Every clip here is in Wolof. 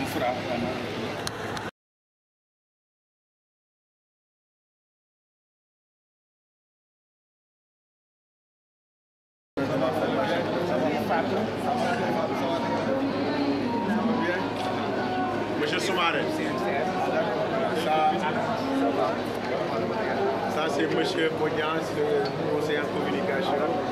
Um furaco, né? Monsieur Soumaré. Ça, ça c'est Monsieur Pognan, le conseiller en communication.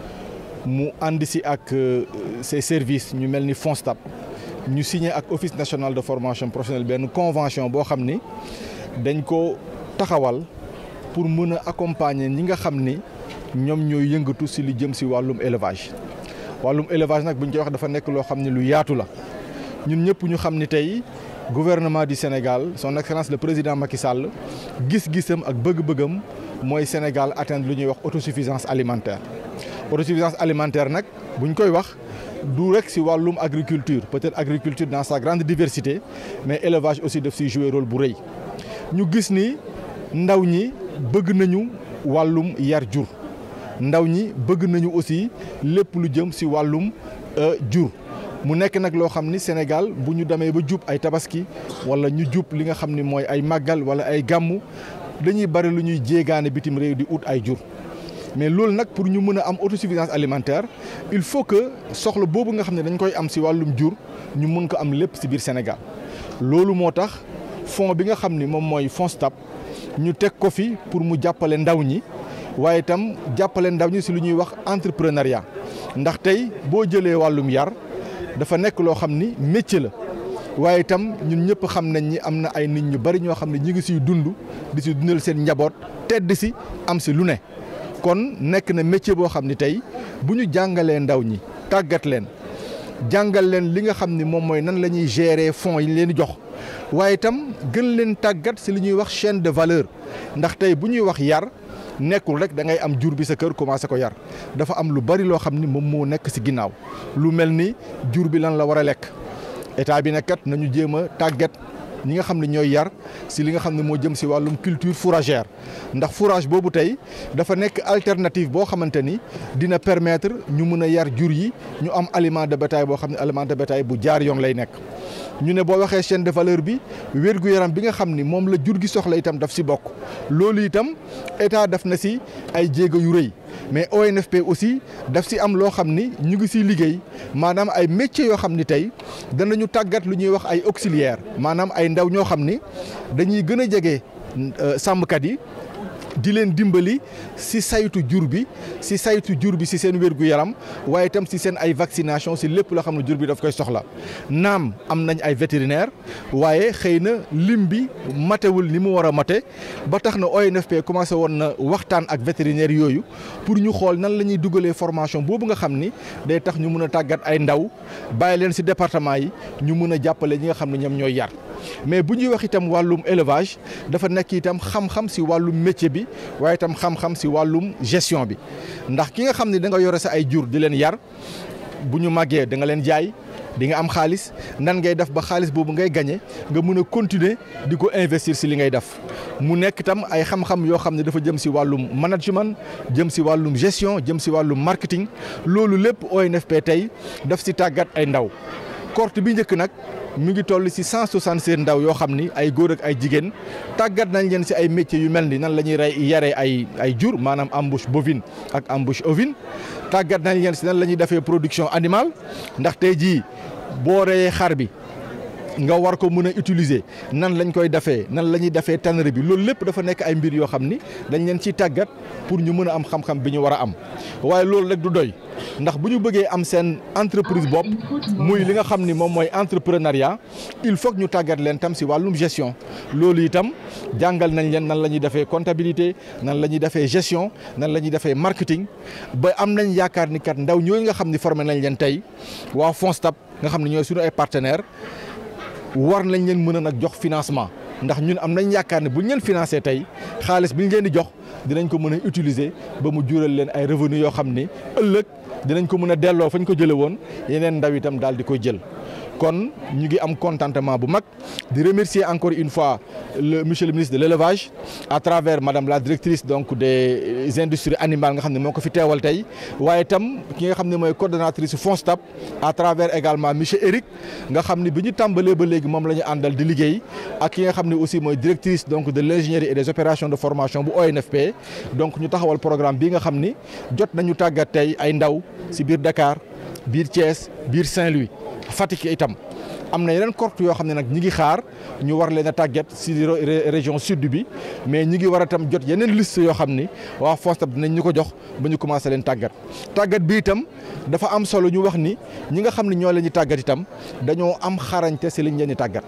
Nous avons ak ses euh, services ñu signé avec office national de formation professionnelle une convention pour accompagner ñi nga xam ni ñoom yëngatu élevage. élevage gouvernement du Sénégal son excellence le président Macky Sall gis-gisam ak Sénégal atteindre lu autosuffisance alimentaire autosuffisance alimentaire nak bu koy wax du rek agriculture peut-être agriculture dans sa grande diversité mais l'élevage aussi doit jouer un rôle bu Nous ñu gis ni ndaw ñi bëgg nañu walum yar jur ndaw ñi aussi les lu jëm si euh, jur mu nek nous lo xamni Sénégal bu ñu ba ay tabaski wala ñu li nga ay wala ay di mais lool nak pour ñu mëna am autosuffisance alimentaire il faut que soxla bobu nga xam dañ koy am ci walum jur ñu mën ko am lepp si biir Sénégal loolu motax tax fonds bi nga xam mom moy mooy stap ñu tek ko fi pour mu jappalé ndaw ñi waaye itam jàppale ndaw ñi si lu ñuy wax entrepreneuriat ndax tay bo jëlé walum yar dafa nek lo xamni métier la waye tam ñun ñëpp xam nañ ni am na ay nit ñu bari ño xamni ñi ngi ci dundu di si dundal seen njaboot tedd ci am ci lu ne. kon nekk na métier boo xam ni tey bu ñu jàngalee ndaw ñi tàggat leen jàngal leen li nga xam ni moom mooy nan la ñuy gérer fonds yi ñu leen di jox waaye itam gën leen tàggat si li ñuy wax chaîne de valeur ndax tey bu ñuy wax yar nekkul rek da ngay am jur bi sa kër commencé ko yar dafa am lu bari loo xam ni moom moo nekk si ginnaaw lu mel ni jur bi lan la war a lekk état bi nag kat nañu jéem a tàggat. ñi nga xam ne ñooy yar si li nga xam ne moo jëm si wàllum culture fourragère ndax fourage boobu tey dafa nekk alternative boo xamante ni dina permettre ñu mun a yar jur yi ñu am aliment de bétail boo xam ne aliment de bétail bu jaar yoon lay nekk. ñu ne boo waxee chaîne de valeur bi wér yaram bi nga xam ni moom la jur gi soxla itam daf si bokk loolu itam état def na si ay jéego yu rëy. mais ONFP aussi daf si am loo xam ni ñu ngi siy liggéey maanaam ay métiers yoo xam ni tey danañu tàggat lu ñuy wax ay auxiliaires maanaam ay ndaw ñoo xam ni dañuy gën a jege euh, sàmmkat yi. di leen dimbali si saytu jur bi si saytu jur bi si seen wérgu yaram waaye itam si seen ay vaccination si lépp loo xam ne jur bi dafa koy soxla naam am nañ ay vétérinaire waaye xëy na lim bi matewul ni mu war a mate ba tax na ONFP commencé woon na waxtaan ak vétérinaire yooyu pour ñu xool nan la ñuy dugalee formation boobu nga xam ni day tax ñu mun a tàggat ay ndaw bàyyi leen si département yi ñu mun a jàppale ñi nga xam ne ñoom ñooy yar mais bu ñuy wax itam wàllum élevage dafa nekk itam xam-xam si wàllum métier bi waaye itam xam si wàllum gestion bi ndax ki nga xam ne da nga yore sa ay jur di leen yar bu ñu màggee da nga leen jaay di nga am xaalis nan ngay def ba xaalis boobu ngay gañe nga mun a continuer di ko investir si li ngay def mu nekk itam ay xam-xam yoo xam ne dafa jëm si wàllum management jëm si wàllum gestion jëm si wàllum marketing loolu lépp ONFP tey daf si tàggat ay ndaw cohorte bi njëkk nag mi ngi toll ci cent soixante-sept ndaw yoo xam ni ay góor ak ay jigéen tàggat nañ leen si ay métiers yu mel ni nan la ñuy rey yare ay ay jur maanaam embouche bovine ak embouche ovine tàggat nañ leen si nan la ñuy defee production animale ndax tey jii boo reyee xar bi. nga war ko mëna utiliser nan lañ koy defee nan lañuy ñuy defee tannerie bi loolu lepp dafa nek ay mbir yo xamni dañ leen ci tagat pour ñu mëna am xam-xam bi ñu war am waye loolu rek du doy ndax buñu ñu bëggee am seen entreprise bop muy li nga xamni mom moy entrepreneuriat il faut ñu tagat leen tam ci walum gestion loolu itam jangal nañ leen nan lañuy ñuy comptabilité nan lañuy ñuy gestion nan lañuy ñuy marketing ba am nañ yaakaar ni kat ndaw ñooñu nga xamni formé nañ leen tay wa Fonstab nga xamni ñoy suñu ay partenaires war nañ leen mën a nag jox financement ndax ñun am nañ yaakaar ne bu ñu leen tey xaalis bi ñu leen di jox dinañ ko mën a utiliser ba mu jural leen ay revenu yoo xam ni ëllëg dinañ ko mën a delloo ñu ko jëlee woon yeneen ndaw itam daal di ko jël. kon ñu ngi am contentement bu mag di remercier encore une fois le monsieur le ministre de l'élevage à travers madame la directrice donc des euh, industries animales nga xam ne moo ko fi teewal tey waaye itam ki nga xam ne mooy coordonnatrice FONSTAB à travers également monsieur Eric nga xam ne bi ñu tàmbalee ba léegi moom la ñu di liggéey ak ki nga xam aussi mooy directrice donc de l'ingénierie et des opérations de formation bu ONFP donc ñu taxawal programme bi nga xam ni jot nañu tàggat tey ay ndaw si biir Dakar biir Thiès biir Saint-Louis Fatick itam am na yeneen corps yoo xam ne nag ñi ngi xaar ñu war leen a tàggat si région sud bi mais ñi ngi war a tam jot yeneen liste yoo xam ni waa FONSTAB dinañ ñu ko jox ba ñu commencé leen tàggat tàggat bi itam dafa am solo ñu wax ni ñi nga xam ne ñoo leen di tàggat itam dañoo am xarañte si liñ leen di tàggat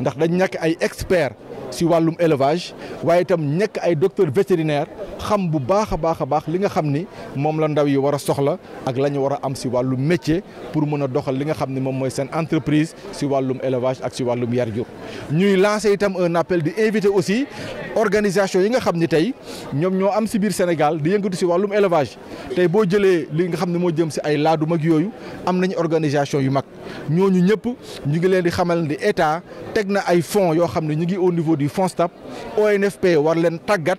ndax dañ nekk ay expert si wàllum élevage waaye itam nekk ay docteur vétérinaire xam bu baax a baax a baax li nga xam ni moom la ndaw yi war a soxla ak la ñu war a am si wàllu métier pour mën a doxal li nga xam ni moom mooy seen entreprise si wàllum élevage ak si wàllum yar jur ñuy lancer itam un appel di inviter aussi organisation yi nga xam ni tey ñoom ñoo am si biir Sénégal di yëngatu si wàllum élevage tey boo jëlee li nga xam ne moo jëm si ay laadu mag yooyu am nañu organisation yu mag ñooñu ñëpp ñu ngi leen di xamal ni état teg na ay fonds yoo xam ne ñu ngi au niveau du FONSTAB ONFP war leen tàggat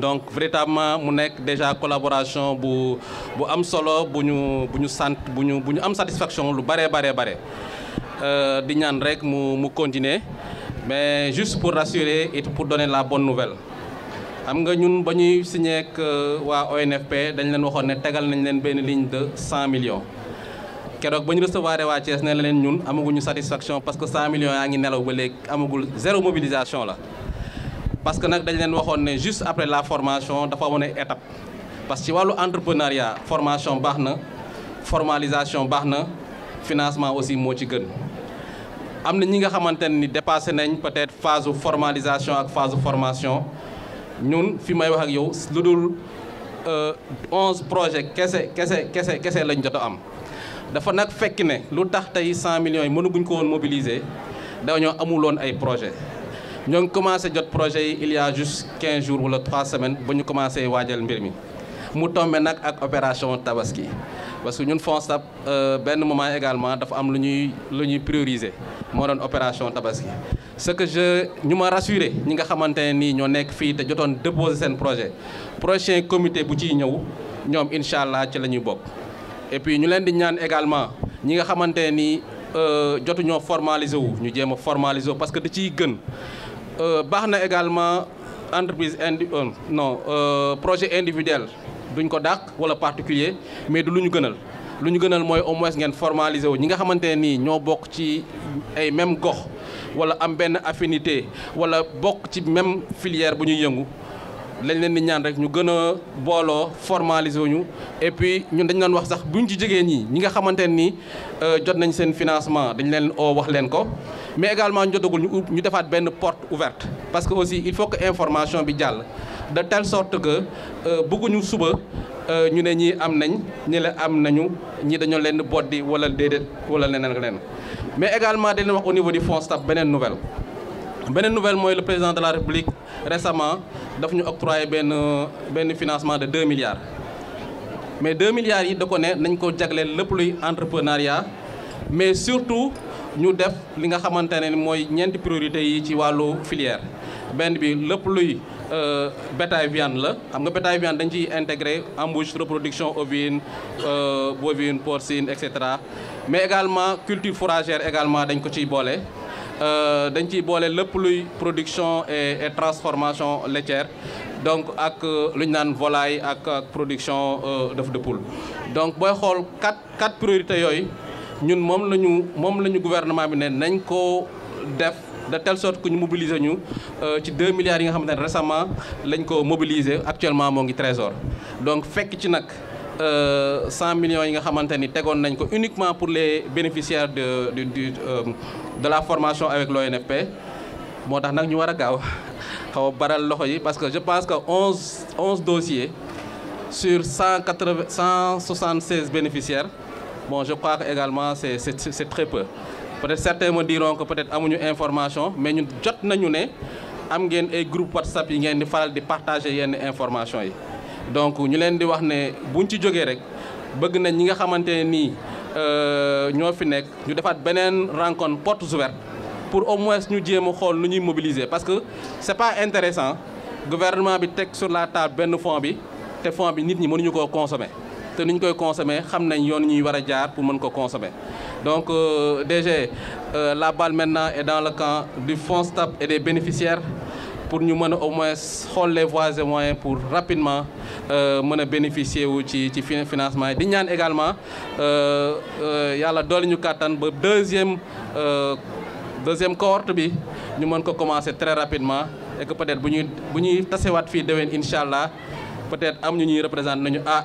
donc véritablement mu nek déjà collaboration bu bu am solo buñu buñu sante buñu buñu am satisfaction lu bare bare bare euh, di ñaan rek mu mu continuer mais juste pour rassurer et pour donner la bonne nouvelle xam nga ñun bañuy signé ak euh, wa ONFP dañ leen waxone tégal nañ leen ben ligne de 100 millions keroog bañu ñu recevoir waa Thiès ne leen ñun amaguñu satisfaction parce que 100 millions yaa ngi nelaw ba léegi amagul zéro mobilisation la parce que nag dañ leen ne juste après la formation dafa amoon étape parce que ci walu entrepreneuriat formation baxna formalisation baxna financement aussi mo ci gën Amna ñi nga xamantene ni dépassé nañ peut-être phase formalisation ak phase formation ñun fi may wax ak yow lu euh 11 projets ce qu'est-ce kese lañ jot a am dafa nak fekk ne lu tax tay 100 millions yi mënaguñ ko won mobiliser dañu amulone ay projets. Nous avons commencé notre projet il y a juste 15 jours ou 3 semaines nous avons commencé faire mbir mi mu tombé maintenant ak l'opération tabaski parce que ñun FONSTAB euh, moment également dafa am prioriser l'opération tabaski ce que je ñu ma rassuré ñi nga nous un projet, ñoo nekk fii déposer prochain comité bu ciy nous avons incha ci et puis nous avons di également ñi nga xamante ne nii nous euh, formaliser wu ñu parce que euh, baax na également entreprise indi euh, non euh, projet individuel duñ ko dak wala particulier mais du luñu gënal luñu gënal moy au moins ngeen formaliser wu ñi nga xamante ne nii ñoo bokk ci ay même gox wala am ben affinité wala bok ci même filière bu ñuy yëngu lañ leen ni ñaan rek ñu gëna bolo formaliser wu ñu et puis ñun dañ doon wax sax buñ ci jigeen ñii ñi nga xamante ne nii euh, jot nañ seen financement dañ leen o wax leen ko mais également nous devons ñu une porte ouverte parce que aussi il faut que l'information bi de telle sorte que euh, beaucoup nous ñu nous ñii am nañ ñi la am nañu ñi des leen wala wala mais également au niveau du a une nouvelle Une nouvelle le président de la République récemment a octroyé un financement de 2 milliards mais 2 milliards yi da ko ne ko entrepreneuriat mais surtout ñu def li nga xamantene moy mooy priorité yi ci walu filière benn bi lepp luy euh, bétail viande la xam nga bétail viande dañ ci intégré embouche reproduction ovine euh, bovine porcine etc mais également culture fourragère également dañ ko bolé euh dañ ci bolé lepp luy production et transformation laitière donc ak euh, luñ nane volaille ak production d'œuf de poule donc boy xol quatre quatre priorités yoy ñun mom lañu mom lañu gouvernement bi né nañ ko def de telle sorte que ñu mobiliser ñu euh, ci 2 milliards yi nga xamante récemment lañ ko mobiliser actuellement mo ngi trésor donc fekk ci nag. 100 euh, millions yi nga xamante tégon nañ ko uniquement pour les bénéficiaires de de euh, de la formation avec l'ONFP motax nak ñu wara a gaaw xaw baral loxo yi parce que je pense que 11 11 dossiers sur 180 176 bénéficiaires bon je crois également c'est c'est très peu peut-être certains me diront que peut-être une information mais ñun jot nañu ne am ngeen groupe WhatsApp yi ngeen di faral di partager une information donc nous leen di wax ne buñ ci jógee rek bëgg nañ ñi nga xamante ne nii euh, ñoo fi ñu rencontre porte ouverte pour au moins nous dire mon nous nous ñuy mobiliser parce que c'est pas intéressant gouvernement bi sur la table benn fonds bi te fonds bi nit ñi mënuñu consommer te ni koy consommer xam nañ yoon pour mën consommer donc euh, euh, la balle maintenant est dans le camp du fonds STAP et des bénéficiaires pour nous mën au moins rendre les voies et moyens pour rapidement euh, bénéficier du financement Et également il y a la deuxième euh, deuxième cohorte bi ñu ko commencer très rapidement et que peut-être que si bu ñuy tasewaat peut-être am ñu ñuy représenter nañu ah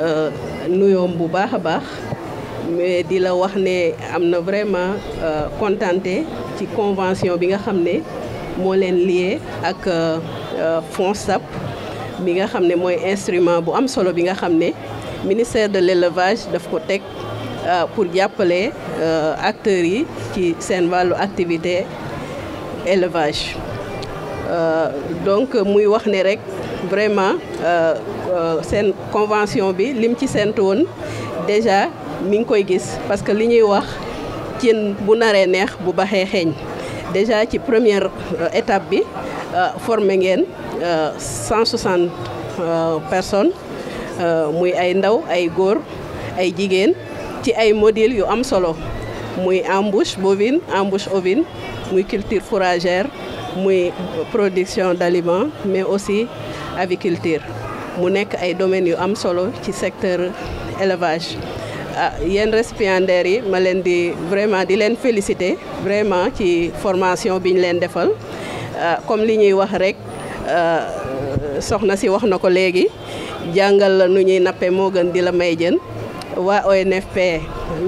Euh, nuyom bu baax a baax mais di la wax ne am na vraiment euh, contenté ci convention bi nga xam ne moo leen lié ak euh, sap bi nga xam ne mooy instrument bu am solo bi nga xam ne ministère de l'élevage daf ko teg pour jàppale acteurs yi ci seen wàllu activité élevage donc muy wax ne rek vraiment euh, euh, seen convention bi lim ci séntu déjà mi ngi koy gis parce que li ñuy wax ci bu naré neex bu baxé xeeñ déjà ci première euh, étape bi formé ngeen 160 personnes muy ay ndaw ay góor ay jigen ci ay modèle yu am solo muy embouche bovine embouche ovine muy culture fourragère muy production d'aliments mais aussi agriculture. mu nek ay domaine yu am solo ci secteur élevage ah yéen récipiendaires yi ma leen di vraiment di leen féliciter vraiment ci formation biñ ñu leen defal ah, comme li ñuy wax rek ah, soxna si wax na ko léegi jàngal la nu ñuy nappe moo gën di la may jën waa ONFP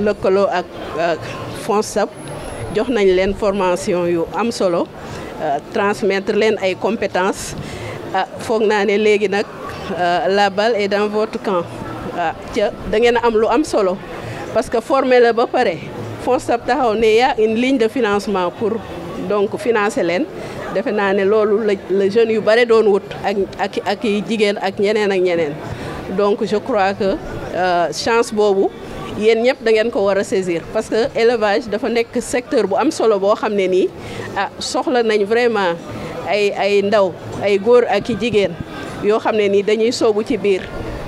lëkkaloo ak FONSTAB jox nañ leen formation yu am solo ah, transmettre leen ay compétences ah foog naa ne euh, la balle est dans votre camp ah da ngeen am lu am solo parce que former la ba pare FONSTAB taxaw ne y a une ligne de financement pour donc financer leen defe naa ne loolu la jeunes yu bare doon wut ak ak ak jigen ak ñeneen ak ñeneen donc je crois que euh, chance bobu yéen ñep da ngeen ko wara saisir parce que élevage dafa nek secteur bu am solo bo xamné ni ah soxla nañ vraiment. ay ay ndaw ay góor ak i jigéen yoo xam ne nii dañuy soogu ci biir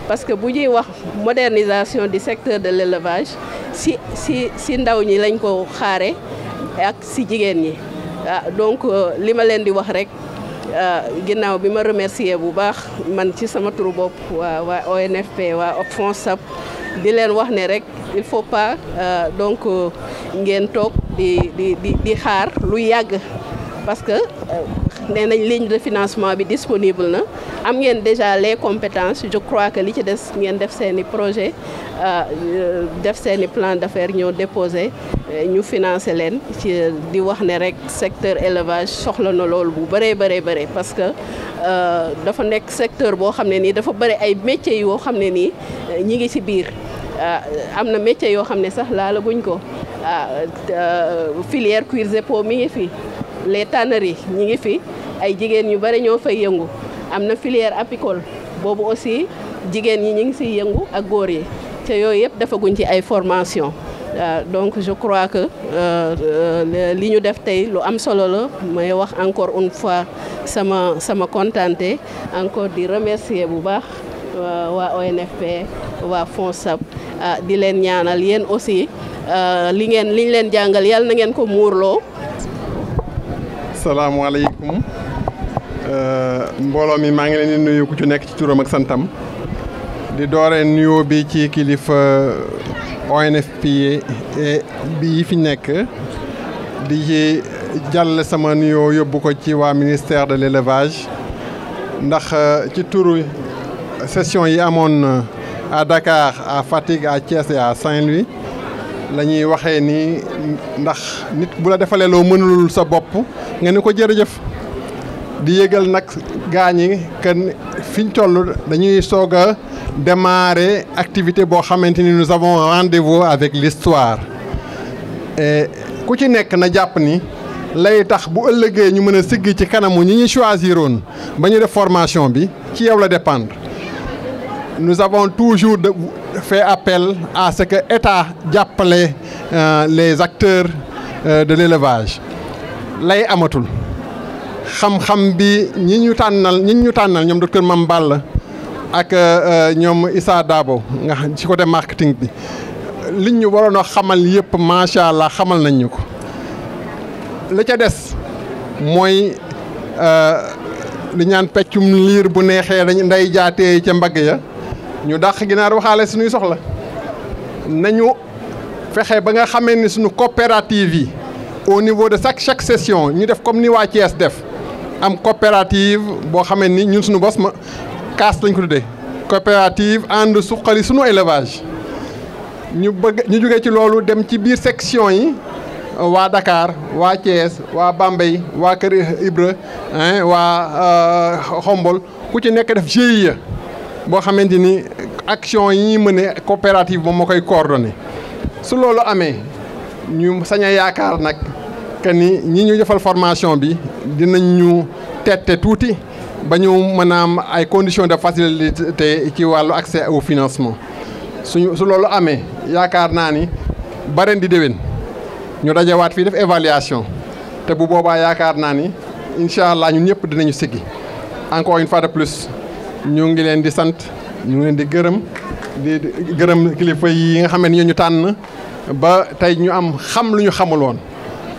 parce que bu ñuy wax modernisation du secteur de l'élevage si si si ndaw ñi lañ ko xaare ak si jigéen ñi ah, donc euh, li ma leen di wax rek euh, ginnaaw bi ma remercier bu baax man ci sama turu bopp waa ONFP waa FONSAP di leen wax ne rek il faut pas euh, donc ngeen toog di di xaar lu yàgg parce que nee nañ ligne de financement bi disponible na am ngeen déjà les compétences je crois que li ci des ngeen def seen i projet euh, def seen plan d'affaires ñoo déposé euh, ñu financer leen ci di wax ne rek secteur élevage soxla na loolu bu bëree bëree bëri parce que euh, dafa nekk secteur boo xam ne nii dafa bëri ay métiers yoo xam ni euh, ñi ngi ci biir am na métiers yoo xam ne la laala guñ ko filière cuir zepo mi ngi fi les tanneries ñi ngi fi ay jigéen ñu bari ñoo fay yëngu amna filière apicole bobu aussi jigen yi ñi ngi ci yëngu ak góor yi té yoy yooyu dafa guñ ci ay formation euh, donc je crois que euh, euh, li ñu def tay lu am solo la may wax encore une fois sama sama contenté encore di remercier bu baax wa ONFP waa FONSAP di leen ñaanal yeen aussi li ngeen liñ leen jàngal yalla na ngeen ko mourlo muurloo. salaamaaleykum. Euh, mbooloo mi maa ngi leen di nuyu ku ci nekk ci turam ak santam di dooree nuyoo bi ci kilifa ONFPA bii fi nekk di ci sama nuyoo yóbbu ko ci waa ministère de l'élevage ndax euh, ci turu session yi amoon euh, à Dakar à Fatick à Thiès et à Saint-Louis la waxee ni ndax nit bu la defalee loo mënulul sa bopp nga ni ko jërëjëf di yëgal nag gaañi kan fi ñu toll dañuy soga démarrer activité bo xamanteni nous avons rendez-vous avec l'histoire ku ci nek na japp ni lay tax bu ëllëgee ñu mëna a sigg ci kanamu ñi ñi choisiroon ba ñu def formation bi ci yow la dépendre nous avons toujours fait appel à ce que l'État euh, les acteurs euh, de l'élevage lay amatul xam-xam bi ñi ñu tànnal ñi ñu tànnal ñoom mam Mame la ak euh, ñoom Issa nga xam ci côté marketing bi liñ ñu waroon a xamal yëpp macha allah xamal nañ ñu ko la ca des mooy euh, li ñaan peccum liir bu neexee dañ nday jaatee ca mbagg ya ñu dàq ginaar waxaale suñuy soxla nañu fexe ba nga xamee ni suñu coopérative yi au niveau de chaque chaque session ñu def comme ni waa Thiès def am coopérative bo xamee ni ñun suñu bos ma kaas lañ ko tuddee coopérative and suqali suñu élevage ñu bëgg ñu joggé ci lolu dem ci biir section yi wa Dakar wa Thiès wa Bambey wa Kër Ibra hein, euh Xombol ku ci nekk def GIE bo xamante ni action yi ñuy mëne coopérative mo makoy koy su lolu amé ñu sañ a nak que ni ñi ñu defal formation bi dinañ ñu tette tuuti ba ñu mën a ay conditions de facilité ci wàllu accès au financement suñu su loolu amee yaakaar naa ni ba di déwén ñu dajawaat fii def évaluation te bu boobaa yaakaar naa ni incha allah ñun ñëpp dinañu siggi encore ñu fois plus ñu ngi leen di sant ñu ngi leen di gërëm di gërëm kilifa yi nga xam ne ñu tànn ba tey ñu am xam lu ñu xamul woon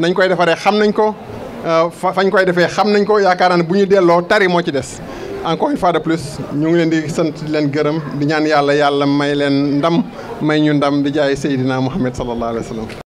nañ koy defaree xam nañ ko euh, fañ koy defee xam nañ ko yaakaar naa bu ñu delloo tari moo ci des encore une fois de plus ñu ngi leen di sant leen gërëm di ñaan yàlla yàlla may leen ndam may ñu ndam di jaay Seydina Muhammad sallallahu alayhi wa sallam